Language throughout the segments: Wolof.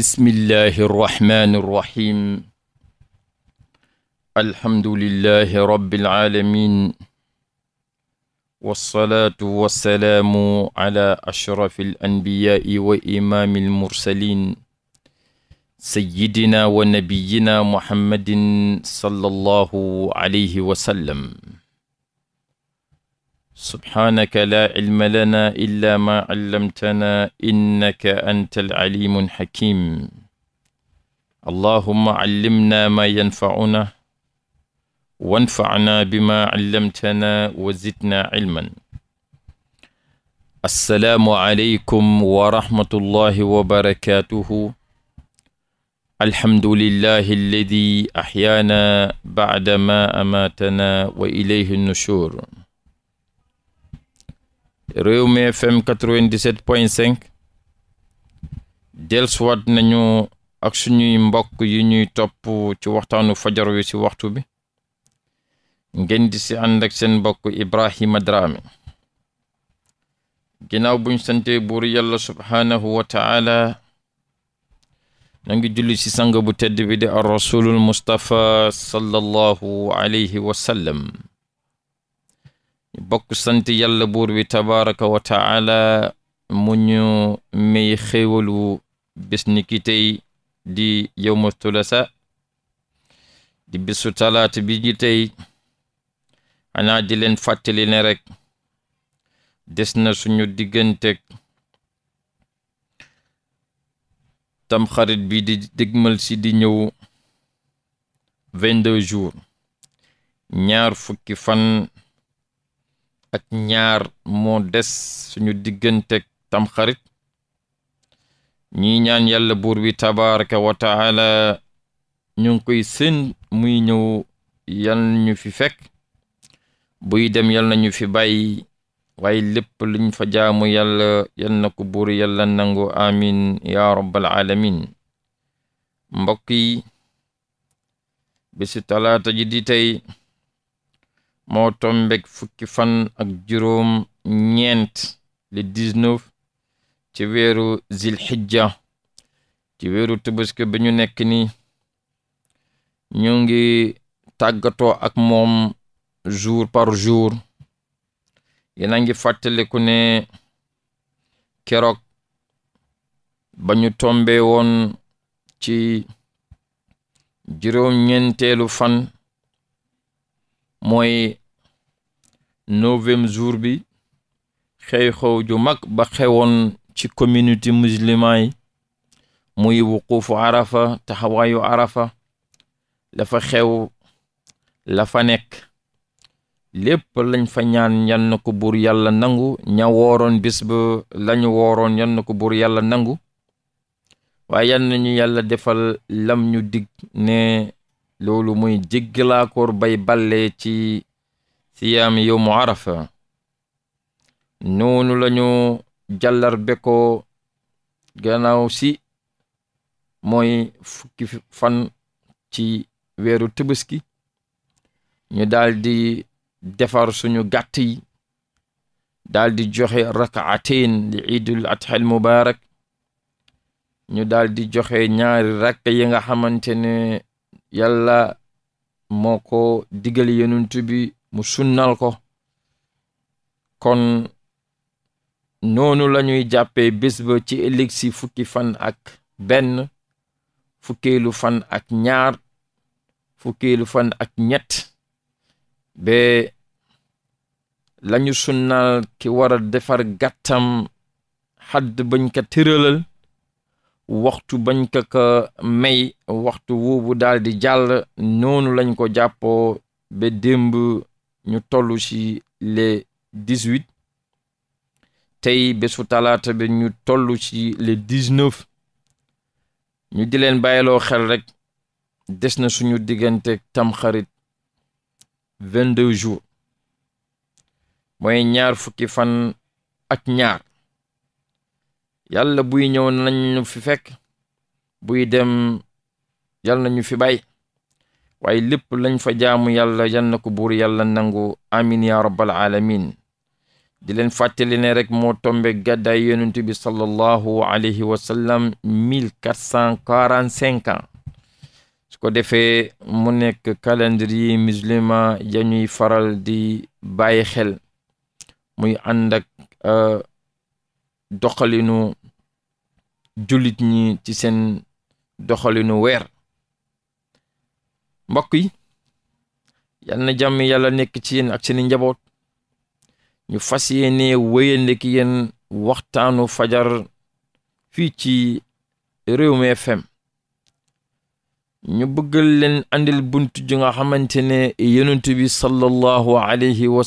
bismillahi irrahmani irrahim alhamdulillahi rabbil alamin wassalaatu wassalaamu ala ashrafi alanbiyaai wa imaami almursalin sayyidina wa nabiyina muhammadin sallallahu alayhi wa sallam subhaanaka laa cilma lanaa illaa maa callamtanaa innaka anta alcalimu alxakim allahumma callimnaa maa yanfacunaa wanfacnaa bimaa callamtanaa wa zidnaa cilman assalaamu aleykum wa rahmatullahi wa barakaatuhu alhamdulillahi alladi axyaanaa bacda maa amaatanaa wa ilayhi nushuur Rewmi FM 97.5 dellusiwaat nañu ak suñuy mbokk yi ñuy topp ci waxtaanu fajar wi ci waxtu bi ngeen di si ànd ak seen mbokk Ibrahima Drame ginnaaw buñ sante buur yàlla subhaanahu wa taala na ngi julli ci sang bu tedd bi di ar rasulul mustapha sallallahu alayhi wa bokk sant yàlla buur bi tabaraka wa taala mu ñu may xéewalu bés di yowma tulasa di bésu talaata bi ji tey xanaa di leen fàttali ne rek des na suñu diggantek tamxarit bi di dégmal si di ñëw vingt-deux ñaar fukki fan ak ñaar moo des suñu digganteeg tamxarit ñii ñaan yàlla buur bi tabaraka wa taala ñu ngi koy seen muy ñëw yal ñu fi fekk buy dem yal nañu fi bàyyi waaye lépp luñ fa jaamu yàlla yal na ko buur yàlla nangu amin ya rabbal alamin mbokk yi talaata ji moo tombek fukki fan ak juróom ñeent le 19 ci weeru zilhijja ci weeru tabaski bi ñu nekk ni ñu ngi tàggatoo ak moom jour par jour yéen a ngi fàttaliku ne keroog ba ñu tombe woon ci juróom ñeenteelu fan mooy neuvième jour bi xew-xew ju mag ba xewoon ci communauté musulman yi muy wuquufu arafa taxawaayu arafa la fa xew la fa nekk lépp lañ fa ñaan yal ko buur yàlla nangu ña wooroon bis ba lañu na ko buur yàlla nangu waaye yal nañu yàlla defal lam ñu dig ne loolu muy jéggalaakoor bay balle ci siyaam yowmu arafa noonu lañu jàllar bekoo gannaaw si mooy fukki fan ci weeru tëbaski ñu daldi defar suñu gàtt yi daldi joxe rakaateen li iidul adha al mubaarak ñu daldi joxe ñaari rakk yi nga xamante ne yàlla moo ko digal yonent bi mu sunnal ko kon noonu lañuy ñuy jàppee bés ba ci ëllëg fukki fan ak benn fukkeelu fan ak ñaar fukkeelu fan ak ñett ba lañu sunnal ki war a defar gàttam xadd bañ ka tëralal waxtu bañ ko ko may waxtu woobu daal di jàll noonu lañ ko jàppoo ba démb ñu tollu ci les dix-huit tey bésu talaata bi ñu toll ci les dix-neuf ñu di leen xel rek des na suñu diggante tamxarit vingt-deux jours mooy ñaar fukki fan ak ñaar yàlla buy ñëw nañu fi fekk buy dem yàlla nañu fi bàyyi waaye lépp lañ fa jaamu yàlla yal na ko buur yàlla nangu amin ya rabbal alamin di leen fàttali ne rek moo tombe gàddaay yonent bi sallallahu alayhi wa sallam mille quatre cent quarante cinq ans su ko defee mu nekk calendrier musulman ya ñuy faral di bàyyi xel muy ànd ak euh, jullit ñi ci seen doxalinu weer mbokk yi yal jàmm yàlla nekk ci yéen ak seeni njaboot ñu fas yéene wéyande ki waxtaanu fajar fii ci Rewmi FM ñu bëggal leen andil bunt ju nga xamante ne yonent bi sallallahu alayhi wa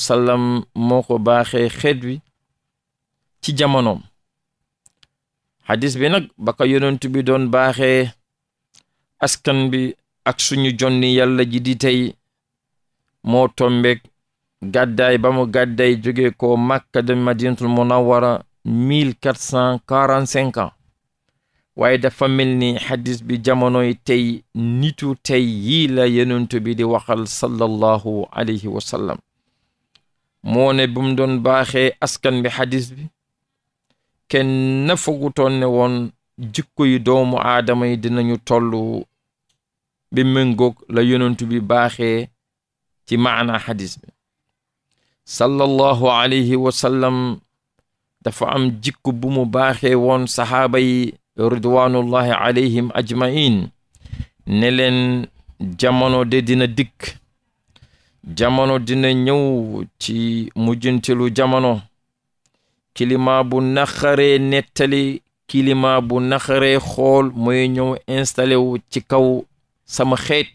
moo ko baaxee xeet wi ci jamonoom xadis bi nag ba ko bi doon baaxe askan bi ak suñu jonni yàlla ji di tey moo tombeek gàddaay ba mu gàddaay jóge ko Makka de Madinatul Munawwara mille quatre cent quarante cinq ans waaye dafa mel ni xadis bi jamonoy tey nitu tey yii la yonent bi di waxal sallallahu alayhi wa sallam moo doon baaxee askan bi xadis bi kenn na ne woon jikko yi doomu aadama yi dinañu tollu bi méngoog la yonentu bi baaxe ci maana xadis bi sallallahu alayhi wa dafa am jikko bu mu baaxee woon saxaaba yi ridwanullahi alayhim ajmain ne leen jamono de dina dikk jamono dina ñëw ci mujjantilu jamono climat bu naxaree nettali climat bu naxaree xool mu ñëw installé wu ci kaw sama xeet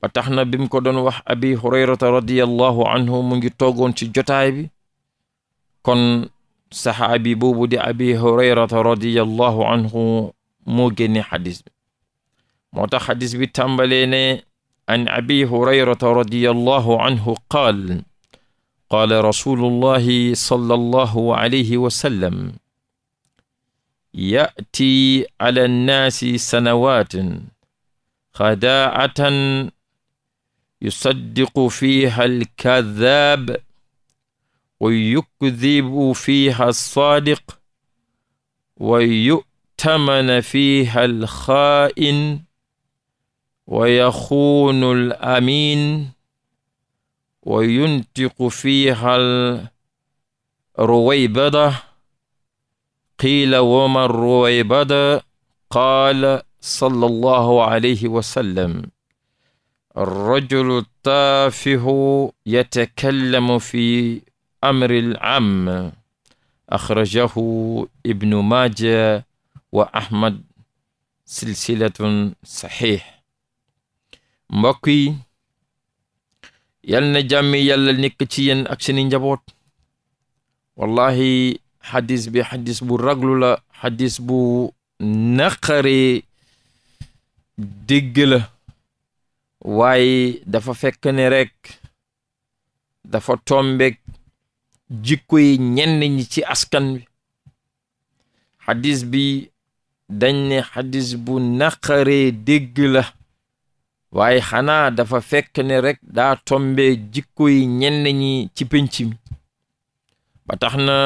ba tax na bi mu ko doon wax abi hurayrata radiallahu an mu ngi toogoon ci jotaay bi kon saxaabi boobu di abi hurayrata radiallahu anhu moo génne xadis bi moo tax xadis bi tàmbalee ne an abi hurayrata radiallahu anhu qaal qaala rasulullahi sallallahu alayhi wa sallam ya'ti ala nnaasi sanawaatin xadaa'atan yusaddiqu fiiha alkadaab wa yukdibu fiiha alsaadiq wa yu'tamana fiiha alxaa'in wa yaxuunu alamin wa yuntiqu fiiha al ruwaybada qiila wama ruwaybada qaala sallallahu alayhi wa sallam arrajulu taafihu yatakallamu fi amri al am axrajahu ibnu maaja wa ahmad silsilatun saxiix mbokk yi yal na jàmmi yàlla nekk ci yenn ak seeni njaboot wallahi xadis bi xadis bu raglu la xadis bu naqaree dégg la waaye dafa fekk ne rek dafa tombek jikko yi ñi ci askan bi xadis bi dañ ne xadis bu naqaree dégg la waaye xanaa dafa fekk ne rek daa tombe jikko yi ñenn ñi ci pénc mi tax na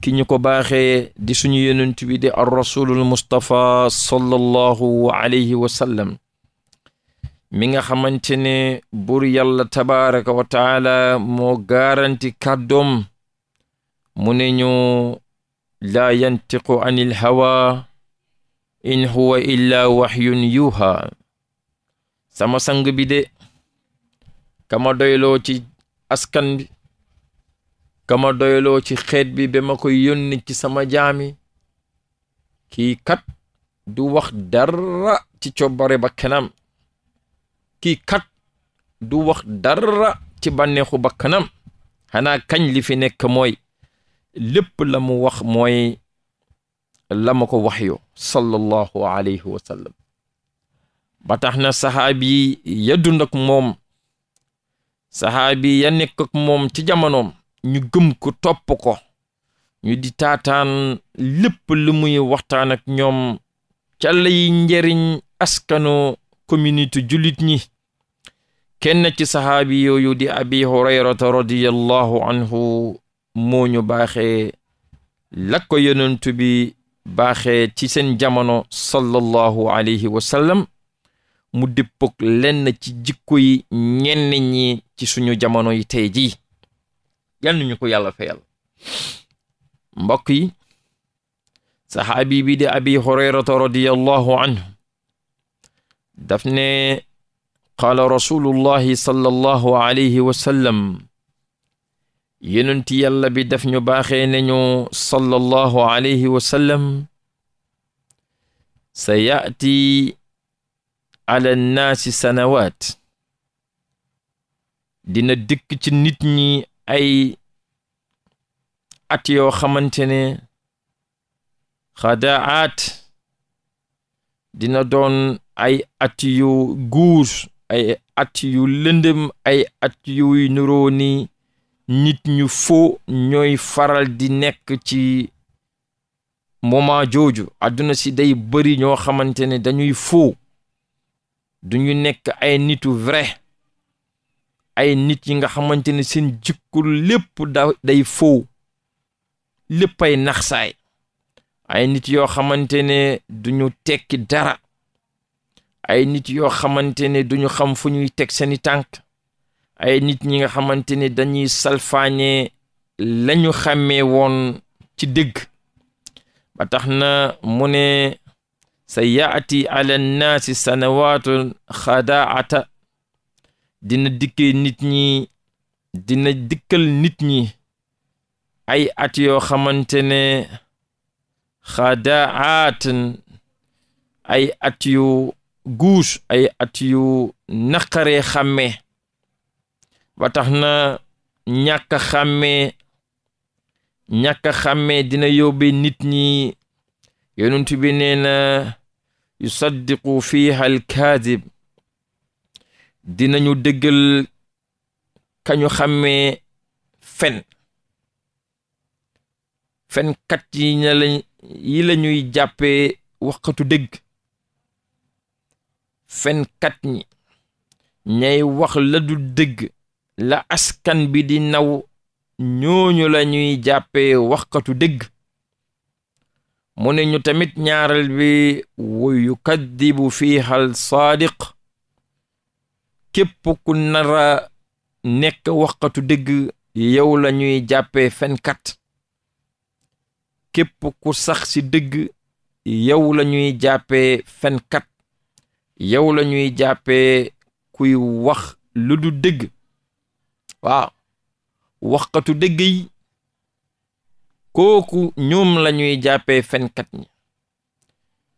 ki ñu ko baaxee di suñu yonent bi di ar rasulul mustapha sallallahu alayhi wa mi nga xamante ne buur yàlla tabaraka wa taala moo garanti kàddoom mu ne ñu laa yantiqu anil hawa in huwa illa waxyun yuha sama sang bi de kama doyloo ci askan bi kama doyloo ci xeet bi ba ma koy yónni ci sama jaami ki kat du wax dara ci cobbare ba kanam kii kat du wax dara ci bànneexu ba kanam xanaa kañ li fi nekk mooy lépp la mu wax mooy la ma ko waxyo yo sallallahu alayhi wa batax na saxaabi ya dund ak moom saxaabi ya nekk moom ci jamonoom ñu gëm ko topp ko ñu di taataan lépp lu muy waxtaan ak ñoom ca lay askanu communauté julit ñi kenn ci saxaabi yooyu di abi hurayrata radiyallahu anhu moo ñu baaxee la ko yonent bi baaxee ci seen jamono sallallahu alayhi wa mu dëppook lenn ci jikko yi ñenn ñi ci suñu jamono yi tey jii yal nañu ko yàlla fayal mbokk yi saxaabi bi di abi hurayrata radiyallahu anhu daf ne qaala rasulullahi sallallahu alayhi wa sallam yàlla bi daf ñu baaxee nañu sallallahu alayhi sa yaati ala naasi sanawaat dina dikk ci nit ñi ay at yoo xamante ne xadaat dina doon ay at yu ay at lëndëm ay at yuy ni nit ñu foo ñooy faral di nekk ci moment jooju àdduna si day bari ñoo xamante ne dañuy foo duñu nekk ay nitu vrai ay nit yi nga xamante ne seen jikko lépp da day fóow lépp ay naxsaay ay nit yoo xamante ne duñu tekki dara ay nit yoo xamante ne duñu xam fu ñuy teg seeni tànk ay nit ñi nga xamante ne dañuy salfaañee lañu xàmmee woon ci dëgg ba tax na mu sa yaati ala nnaasi sanawaatu xadaata dina dikkee nit ñi dina dikkal nit ñi ay at yoo xamante ne xadaatan ay at guus ay at yu naqaree xàmmee ba na ñàkk xamme xàmmee ñàkk dina yóbbee nit ñi yonent bi nee na yusaddiqu fiiha alkaadib dinañu dëggal kañu xàmmee fen fenkat yi ne la ñuy jàppee waxkatu dëgg fenkat ñi ñay wax la dëgg la askan bi di naw ñooñu la ñuy jàppe waxkatu dëgg mu ne ñu tamit ñaareel bi wa yukaddibu fiiha al saadiq képp ku nara nekk waxkatu dëgg yow la ñuy jàppee fenkat képp ku sax ci dëgg yow la ñuy jàppee fenkat yow la ñuy jàppee kuy wax lu du dëgg waaw waxkatu dëgg yi kooku ñoom lañuy ñuy jàppee fenkat ñi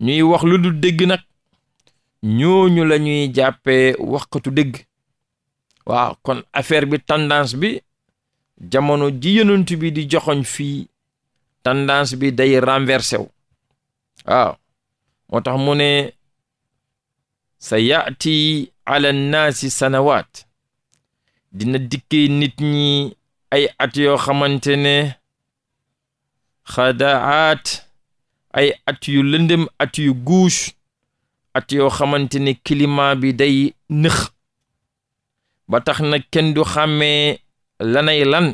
ñuy wax lu nag ñooñu la ñuy jàppee waxkatu dégg waaw kon affaire bi tendance bi jamono ji bi di joxoñ fii tendance bi day renversé wu waaw moo tax mu ne sa yaati ala naasi sanawaat dina dikkee nit ñi ay at yoo xamante ne xadaat ay at yu lëndëm at yu guus at yoo xamante ne climat bi day nëx ba tax na kenn du xàmmee lanay lan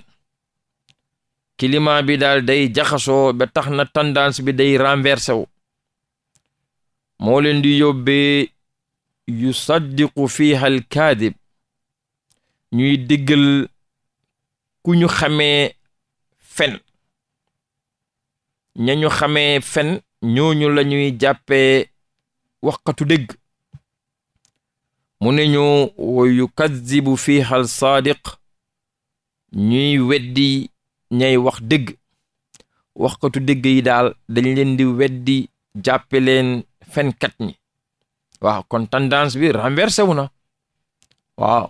climat bi daal day jaxasoo ba tax na tendance bi day renversé wu moo leen di yóbbee yusaddiqu fiiha al kaadib ñuy diggal ku ñu xame fen ñañu xamee fen ñooñu la ñuy jàppee waxkatu dégg mu ne ñu wa yukadibu fiiha al saadiq ñuy weddi ñay wax dëgg waxkatu dëgg yi daal dañ leen di weddi jàppe leen fenkat ñi waw kon tendance bi renversé na waaw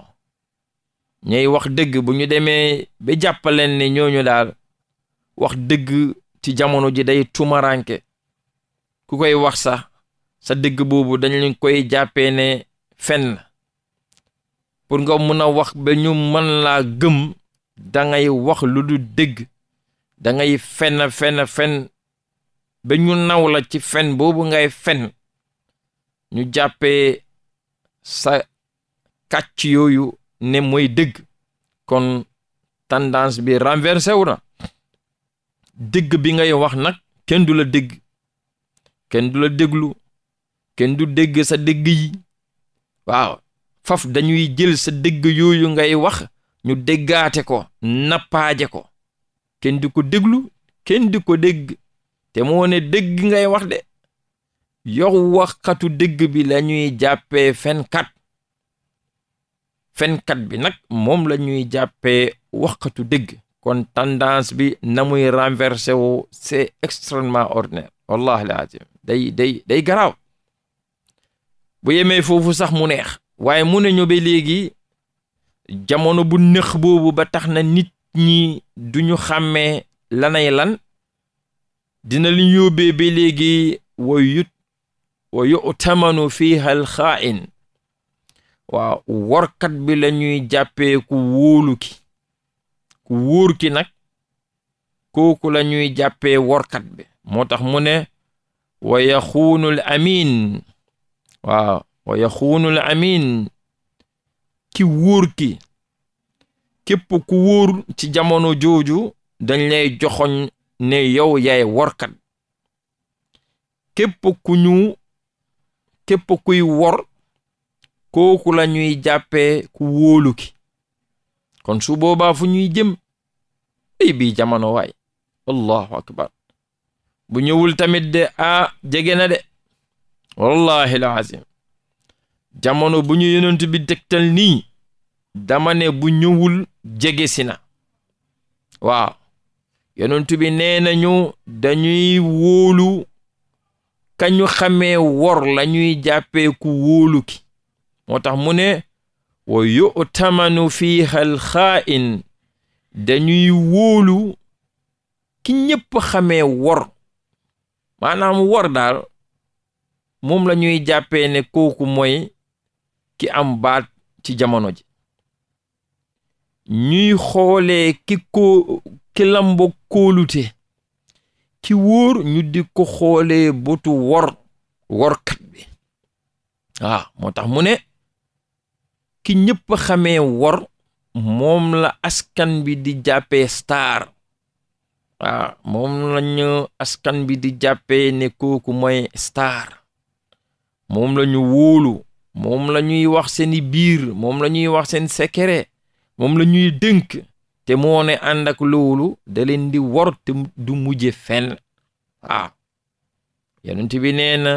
ñay wax dëgg bu ñu demee ba jàppaleen ne ñooñu daal wax dëgg ci jamono ji day tumaranke ku koy wax sax sa dëgg boobu dañ leen koy jàppee ne fenn pour nga mun a wax ba ñu mën laa gëm da wax ludu dëgg da ngay fenn fenn fenn ba ñu naw la ci fenn boobu ngay fenn ñu jàppee sa kàcc yooyu ne mooy dëgg kon tendance bi renversé wu na dëgg bi ngay wax nag kenn du la dégg kenn du la déglu kenn du dégg sa dégg yi waaw faf dañuy jël sa dégg yooyu ngay wax ñu déggaate ko nappaaje ko kenn di ko déglu kenn di ko dégg te moone dëgg ngay wax de yow waxkatu dégg bi la ñuy jàppee fenkat fenkat bi nag moom la ñuy jàppee waxkatu dégg kon tendance bi na muy renversé wu c'est extrêmement ordinaire wallahi alazim day day day garaaw bu yemee foofu sax mu neex waaye mu ne ñu ba léegi jamono bu nëx boobu ba tax na nit ñi duñu xàmmee lanay lan dina lu yóbbee ba léegi wa yut wa yutamanu fiha alxaain waaw workat bi la ñuy jàppee ku wóolu ki ku ki nag kooku la ñuy jàppee workat bi moo tax mu ne wa yaxuunul amin waaw wa ki wóor ki képp ku wóor ci jamono jooju dañ lay joxoñ ne yow yaay workat képp ku ñu képp kuy wor kooku la ñuy jàppe ku wóolu ki kon su fu ñuy jëm ay bii jamono waay bu ñëwul tamit de ah jege na de wallahi la azim bu ñu yonent bi tegtal nii dama ne bu ñëwul jege si na waaw yonent bi nee nañu dañuy wóolu kañu xamee wor la ñuy jàppee ku wóolu ki moo tax mu ne wa yu'tamanu fiiha al xaa'in dañuy woolu ki ñépp xamee wor maanaam wor daal moom la ñuy jàppee ne kooku mooy ki am baat ci jamono ji ñuy xoole ki ko ki lambo kóolute ki wóor ñu di ko xoole botu wor workat bi waaw moo tax mu ne ki ñépp xamee wor Mm-hmm. moom la askan bi di jàppe star waaw ah, moom la ñu askan bi di jàppe ne kooku mooy star moom la ñu wóolu moom la ñuy wax seeni biir moom la ñuy wax seen secret moom la ñuy dënk te moone ne loolu da leen di wor te du mujje fenn waaw ah. yonent bi nee na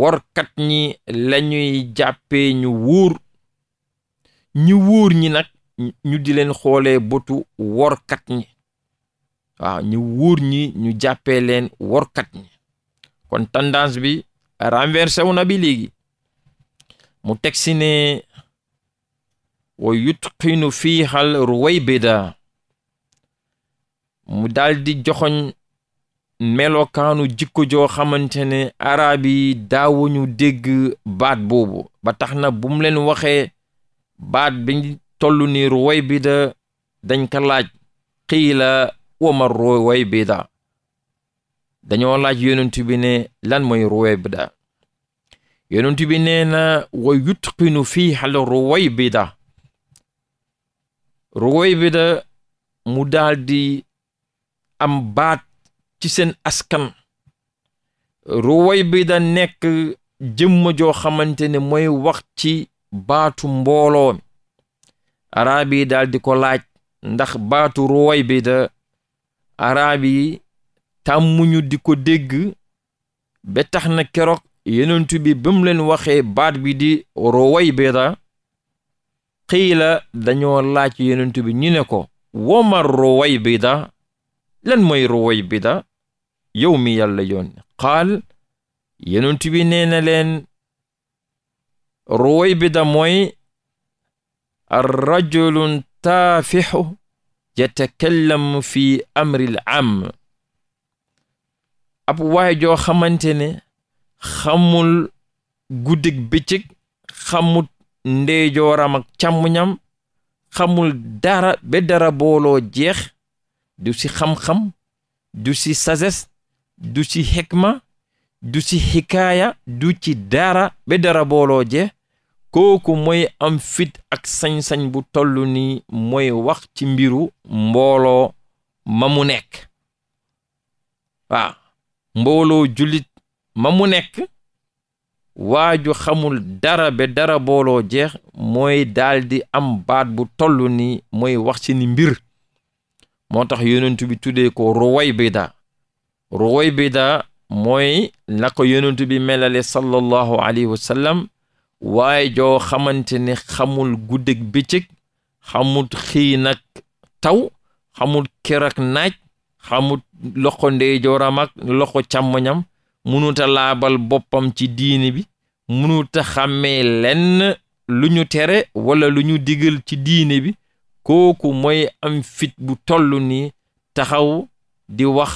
workat ñi la ñuy jàppee ñu wóor ñu wóor ñi nag ñu di leen xoolee botu workat ñi ñu wóor ñi ñu jàppee leen workat ñi kon tendance bi renversé wu bi léegi mu teg si ne wa yutqinu fiixal ruwaybida mu daldi joxoñ melokaanu jikko joo xamante ne arab yi daawuñu dégg baat boobu ba tax na bu leen waxee baat biñ toll ni ruway bi da dañ ko laaj xiila wama ruway bi da dañoo laaj yonent bi ne lan mooy ruway bi da yonent bi ne na woy yutqinu fii xal ruway bi da ruway bi da mu daal di am baat ci seen askan ruway bi da nekk jëmm joo xamante ne moy wax ci baatu mbooloo mi araab yi daal ko laaj ndax baatu ruway bi da araab yi tàmmuñu di ko dégg ba tax na keroog yenentu bi ba leen waxee baat bi di ruway bi da dañoo laaj yenentu bi ñu ne ko woma ruway bi da lan yow mi yàlla yoon qaal yenentu bi leen rooy bi da mooy rajulun taafixu fi amril am ab waay joo xamante ne xamul guddig bëccëg xamul ndeyjooram ak càmmuñam xamul dara ba dara booloo jeex du ci xam-xam du ci sagesse du ci hikma du ci hikaaya du ci dara ba dara booloo jeex kooku mooy am fit ak sañ-sañ bu toll ni mooy wax ci mbiru mbooloo ma mu nekk waaw mbooloo waaju xamul dara ba dara booloo jeex mooy daldi am baat bu tollu ni mooy wax ci ni mbir moo tax yonentu bi tuddee ko ruway bida ruway bida mooy la ko bi melale sallallahu alayhi wa waaye joo xamante ne xamul guddeeg bëccëg xamul xii nag taw xamul kerak naaj xamul loxo ndeyjooram ak loxo càmmoñam munuta laabal boppam ci diini bi munuta xàmmee lenn lu ñu tere wala lu ñu digal ci diini bi kooku mooy am fit bu toll nii taxaw di wax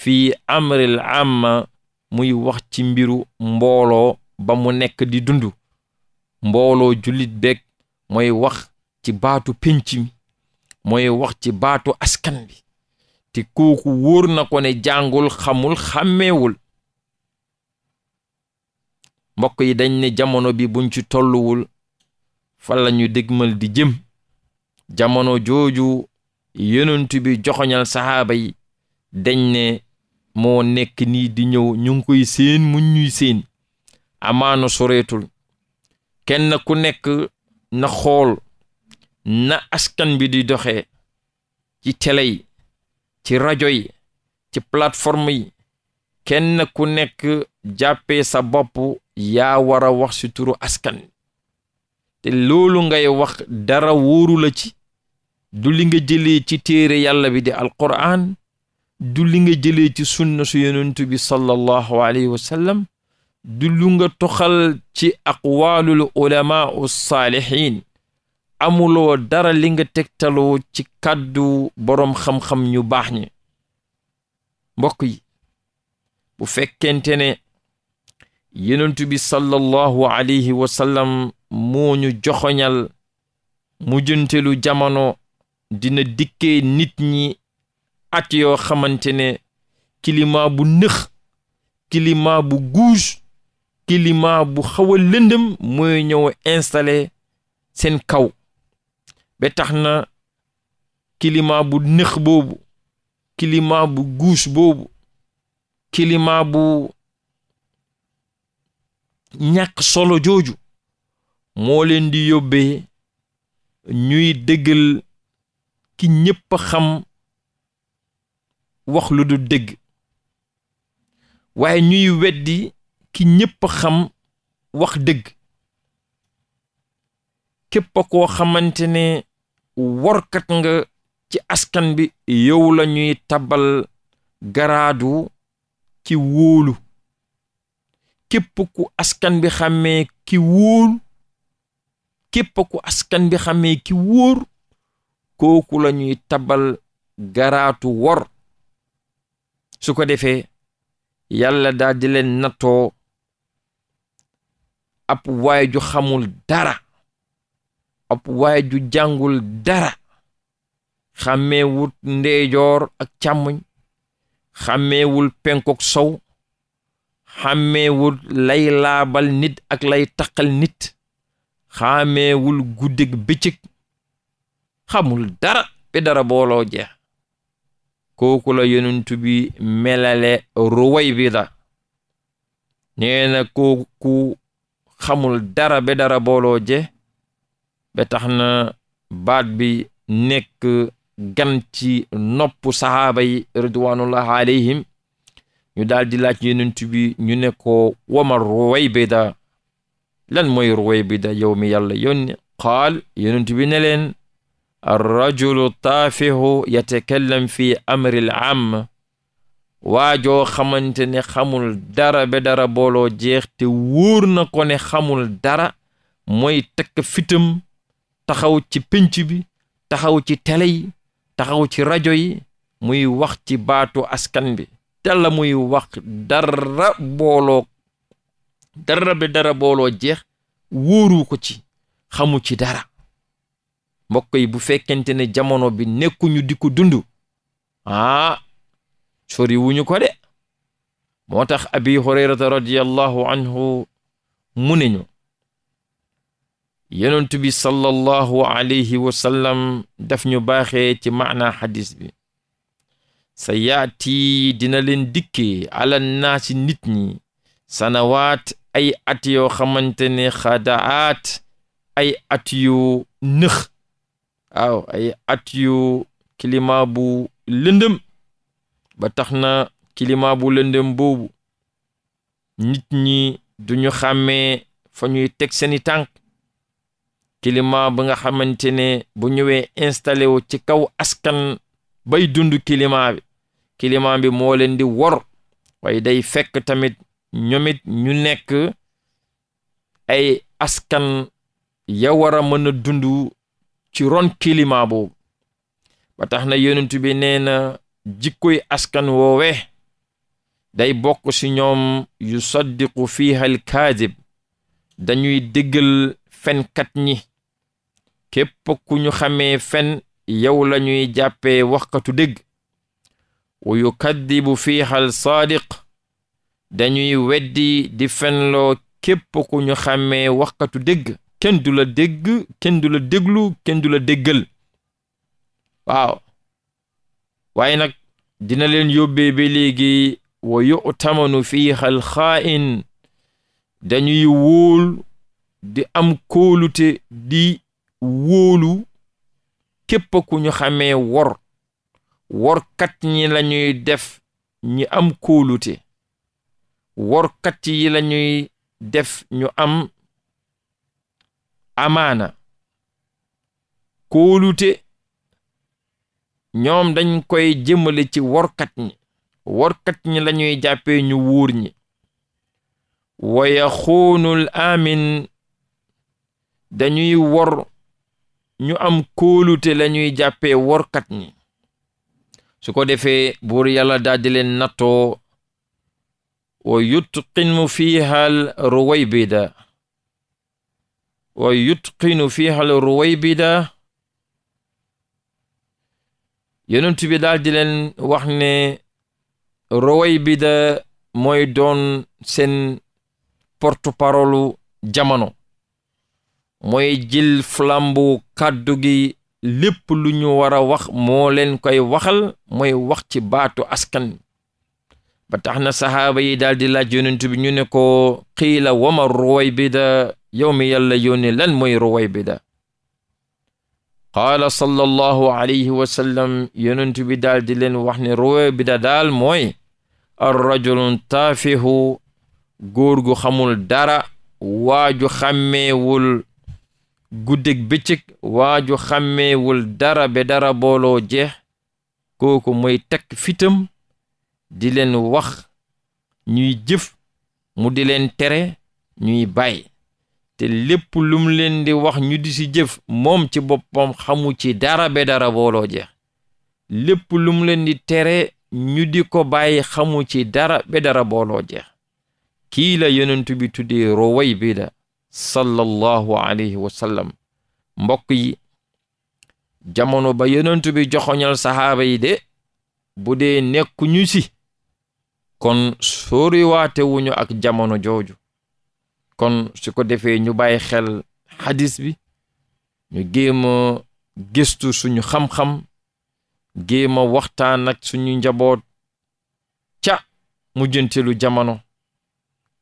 fii amril amma muy wax ci mbiru mbooloo ba mu nekk di dundu mbooloo julit beeg moy wax ci baatu pénc mi mooy wax ci baatu askan bi te kooku wóor na ko ne jàngul xamul xàmmeewul mbokk yi dañ ne jamono bi buñ ci tolluwul fa la dégmal di jëm jamono jooju yonent bi joxoñal saxaaba yi dañ ne moo nekk nii di ñëw ñu ngi koy séen mu ñuy séen amaana soreetul kenn ku nekk na xool na askan bi di doxe ci télé yi ci rajo yi ci plateforme yi kenn ku nekk jàppee sa bopp yaa war a wax si turu askan te loolu ngay wax dara wóoru la ci du li nga jëlee ci téere yàlla bi di alquran du li nga jëlee ci sunna su yonent bi sallallahu alayhi wa du lu nga toxal ci aqwaalul ulama u saalihin amuloo dara li nga tegtaloo ci kàddu boroom xam-xam ñu baax ñi mbokk yi bu fekkente ne yenentu bi sallallahu alayhi wa sallam joxoñal mujjuntelu jamono dina dikkee nit ñi at yoo xamante ne climat bu nëx climat bu guus climat bu xaw lëndëm mooy ñëw installé seen kaw ba tax na climat bu nëx boobu climat bu guus boobu climat bu ñàkk solo jooju moo leen di yóbbee ñuy dëggal ki ñépp xam waxlu du dëgg waaye ñuy weddi ki ñépp xam wax dëgg képp koo xamante ne warkat nga ci askan bi yow la ñuy tabal garaadu ki wóolu képp ku askan bi xamee ki wóolu képp ku askan bi xamee ki wóor kooku la ñuy tabal garaatu wor su ko defee yàlla daal leen natoo ab waay ju xamul dara ab waay ju jàngul dara xàmmeewul ndeejoor ak càmmoñ xàmmeewul penkook sow xàmmeewul lay laabal nit ak lay taqal nit xàmmeewul guddeeg bëccëg xamul dara bi dara booloo jeex kooku la yonent bi melale ruway bi da xamul dara ba dara booloo je tax na baat bi nekk gan ci nopp sahaaba yi ridwanullahi alayhim ñu daal di laaj yenent bi ñu ne ko wama ruwaybida lan mooy ruwaybida yow mi yàlla yónni qaal yenent bi ne leen arrajulu taafihu yatakallam fi amri al waajoo xamante ne xamul dara ba dara booloo jeex te wóor na ko ne xamul dara mooy tekk fitam taxaw ci pénc bi taxaw ci tele yi taxaw ci rajo yi muy wax ci baatu askan bi te la muy wax dara booloo dara booloo jeex wóoru ko ci xamu ci dara mbokk yi bu fekkente ne jamono bi nekkuñu di ko dund ah sori wuñu ko de moo tax abi hurayrata radiyallahu anhu mu neñu yonent bi sallallahu alayhi wa daf ñu baaxe ci maana xadis bi sa yaati dina leen dikkee ala naasi nit ñi sanawaat ay at yoo xamante ne xadaat ay at nëx waaw ay at yu bu lëndëm ba tax na climat bu lëndëm boobu nit ñi duñu xàmmee fa ñuy teg seeni tànk climat ba nga xamante ne bu ñëwee installe wu ci kaw askan bay dund climat bi climat bi moo leen di wor waaye day fekk tamit ñoomit ñu nekk ay askan ya war a mën a dund ci ron climat boobu ba tax na yonent bi nee jikkoy askan woowe day bokk ci ñoom yu saddiqu fiiha al kaadib dañuy déggal fenkat ñi képp ku ñu xamee fen yow la ñuy jàppee waxkatu dëgg wa yukaddibu fiiha al saadiq dañuy weddi di fenloo képp ku ñu xamee waxkatu dégg kenn du la dégg kenn la déglu kenn du la déggal waaw waaye nag dina leen yóbbee ba léegi wa yu'tamanu fiiha alxaa'in dañuy wool di am kóolute di wóolu képp ku ñu xamee wor workat ñi lañuy def ñi am kóolute workat yi lañuy def ñu am amaana kóolute ñoom dañ koy jëmale ci workat ñi workat ñi lañuy ñuy jàppee ñu wóor ñi wa yaxuunul amin dañuy wor ñu am kóolute lañuy ñuy jàppee workat ñi su ko defee buur yàlla daldi leen nattoo wa yutqinu fiihal ruwaybida wa yutqinu fiihal ruwaybida yonent bi daal di leen wax ne roway bi da mooy doon seen porte parole jamono mooy jël flambu kàddu gi lépp lu ñu war a wax moo leen koy waxal mooy wax ci baatu askan ba tax na saxaaba yi daal di laaj yonent bi ñu ne ko xiila wama ruway bi da yow mi yàlla yónni lan mooy ruway bi da qaala sallallahu alayhi wa sallam yonent bi daal di leen wax ne rowe bi daal mooy ar rajulun taafihu góor gu xamul dara waaju xàmmeewul guddeeg bëccëg waaju xàmmeewul dara be dara booloo jeex kooku moy takk fitam di leen wax ñuy jëf mu di leen tere ñuy bàyyi te lépp lum wax ñu di si jëf moom ci boppam xamu ci dara be dara booloo jeex lépp lum leen di tere ñu di ko bàyyi xamu ci dara be dara booloo jeex kii la yonent bi tuddee roway bi sallallahu alayhi wa sallam mbokk yi jamono ba yenentu bi joxoñal saxaaba yi de bu dee nekkuñu si kon sóoriwaate wuñu ak jamono jooju kon su ko defee ñu bàyyi xel xadis bi ñu géem a suñu xam-xam géem waxtaan ak suñu njaboot ca mujjanteelu jamono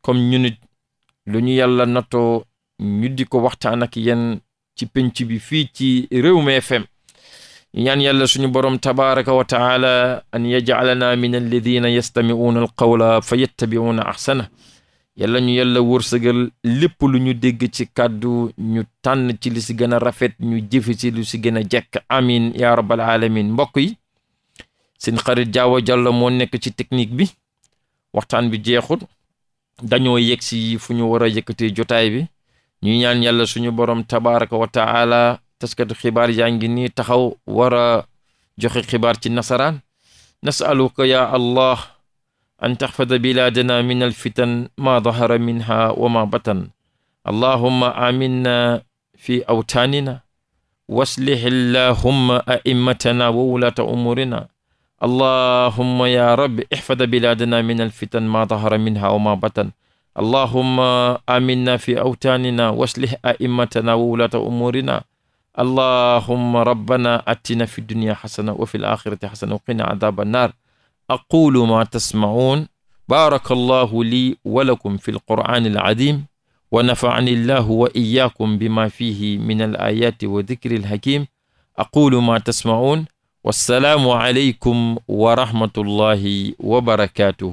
comme ñu lu ñu yàlla noto ñu di ko waxtaan ak yéen ci penc bi fii ci Rewmi FM ñaan yàlla suñu borom tabaraka wa taala an yajalana min alladina yastami'una alqawla fa yattabi'una ahsana yàlla ñu yàlla wërsëgal lépp lu ñu dégg ci kàddu ñu tànn ci lu ci gën a rafet ñu jëfe ci lu ci gën a jekk amin ya rabbal alamin mbokk yi seen xarit jaawa jàlla moo nekk ci technique bi waxtaan bi jeexul dañoo yegg si fu ñu war a yëkkatee jotaay bi ñu ñaan yàlla suñu borom tabaraka wa taala taskatu xibaar yaa ngi nii taxaw war a joxe xibaar ci nasaraan nasaluka ya allah an taxfada bilaadana min alfitan maa dahara minha wa ma batan allahumma aminna fi awtaanina waslih allahumma a'immatana wa wulaata umurina allahumma ya rabbi ixfada bilaadana min alfitan maa dahara minha wa ma batan allahumma aminna fi awtaanina waslih a'immatana wa wulaata umurina allahumma rabbana atina fi dunya xasana wa fi l axirati xasana wa qina adaaba annaar aqulu ma tasma'un baarakallahu lii wa lakum fi alqur'ani alazim wa nafa'ani allahu wa iyyakum bima fihi min alayati wa dhikri alhakim aqulu ma tasma'un wassalaamu alaykum wa rahmatullahi wa barakatuh